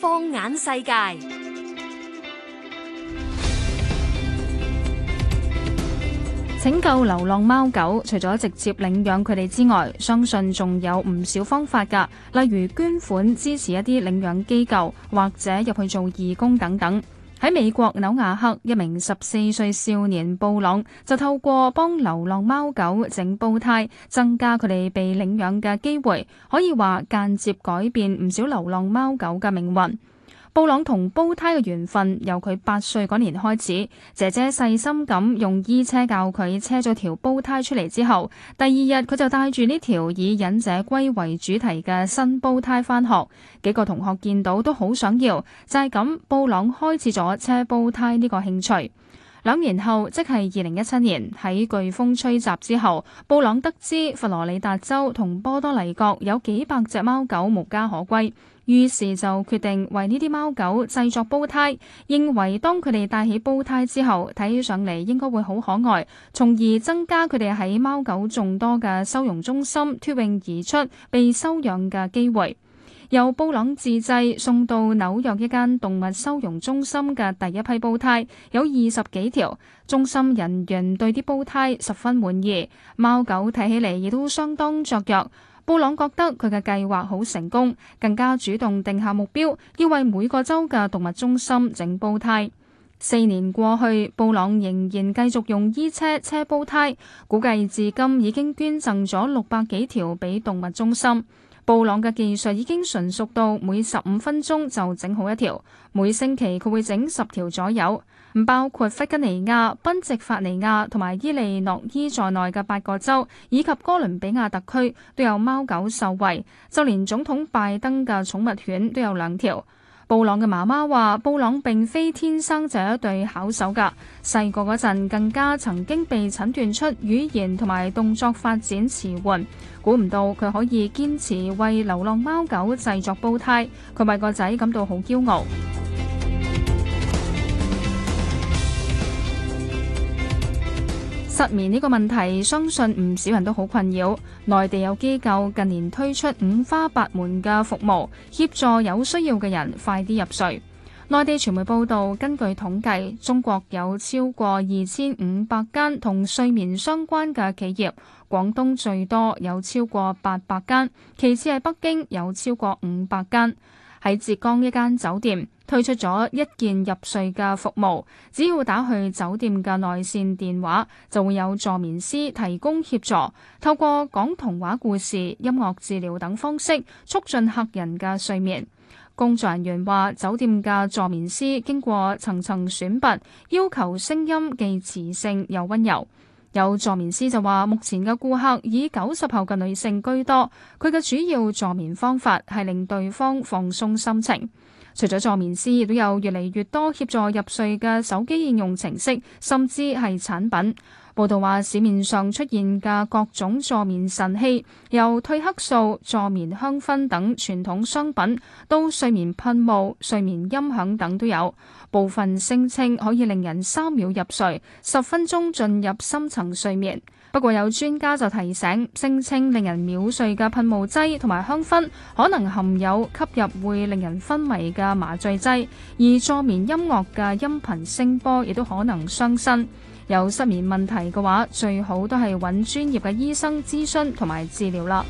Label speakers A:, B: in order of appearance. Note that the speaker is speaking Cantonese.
A: 放眼世界，拯救流浪貓狗，除咗直接領養佢哋之外，相信仲有唔少方法㗎，例如捐款支持一啲領養機構，或者入去做義工等等。喺美國紐亞克，一名十四歲少年布朗就透過幫流浪貓狗整煲呔，增加佢哋被領養嘅機會，可以話間接改變唔少流浪貓狗嘅命運。布朗同煲呔嘅緣分由佢八歲嗰年開始，姐姐細心咁用衣車教佢車咗條煲呔出嚟之後，第二日佢就帶住呢條以忍者龜為主題嘅新煲呔返學，幾個同學見到都好想要，就係、是、咁，布朗開始咗車煲呔呢個興趣。兩年後，即係二零一七年，喺颶風吹襲之後，布朗得知佛羅里達州同波多黎各有幾百隻貓狗無家可歸。於是就決定為呢啲貓狗製作煲呔，認為當佢哋戴起煲呔之後，睇起上嚟應該會好可愛，從而增加佢哋喺貓狗眾多嘅收容中心脫穎而出被收養嘅機會。由布朗自製送到紐約一間動物收容中心嘅第一批煲呔有二十幾條，中心人員對啲煲呔十分滿意，貓狗睇起嚟亦都相當雀躍。布朗覺得佢嘅計劃好成功，更加主動定下目標，要為每個州嘅動物中心整煲呔。四年過去，布朗仍然繼續用衣車車煲呔，估計至今已經捐贈咗六百幾條俾動物中心。布朗嘅技術已經純熟到每十五分鐘就整好一條，每星期佢會整十條左右，包括弗吉尼亞、賓夕法尼亞同埋伊利諾伊在內嘅八個州，以及哥倫比亞特區都有貓狗受惠，就連總統拜登嘅寵物犬都有兩條。布朗嘅媽媽話，布朗並非天生就有一對巧手㗎，細個嗰陣更加曾經被診斷出語言同埋動作發展遲緩。估唔到佢可以堅持為流浪貓狗製作煲呔，佢為個仔感到好驕傲。失眠呢個問題，相信唔少人都好困擾。內地有機構近年推出五花八門嘅服務，協助有需要嘅人快啲入睡。內地傳媒報道，根據統計，中國有超過二千五百間同睡眠相關嘅企業，廣東最多有超過八百間，其次係北京有超過五百間。喺浙江一間酒店推出咗一鍵入睡嘅服務，只要打去酒店嘅內線電話，就會有助眠師提供協助，透過講童話故事、音樂治療等方式促進客人嘅睡眠。工作人員話，酒店嘅助眠師經過層層選拔，要求聲音既磁性又溫柔。有助眠師就話：目前嘅顧客以九十後嘅女性居多，佢嘅主要助眠方法係令對方放鬆心情。除咗助眠師，亦都有越嚟越多協助入睡嘅手機應用程式，甚至係產品。報道話，市面上出現嘅各種助眠神器，由褪黑素、助眠香薰等傳統商品，到睡眠噴霧、睡眠音響等都有。部分聲稱可以令人三秒入睡、十分鐘進入深層睡眠。不過有專家就提醒，聲稱令人秒睡嘅噴霧劑同埋香薰，可能含有吸入會令人昏迷嘅麻醉劑；而助眠音樂嘅音頻聲波亦都可能傷身。有失眠問題。嘅話，最好都係揾專業嘅醫生諮詢同埋治療啦。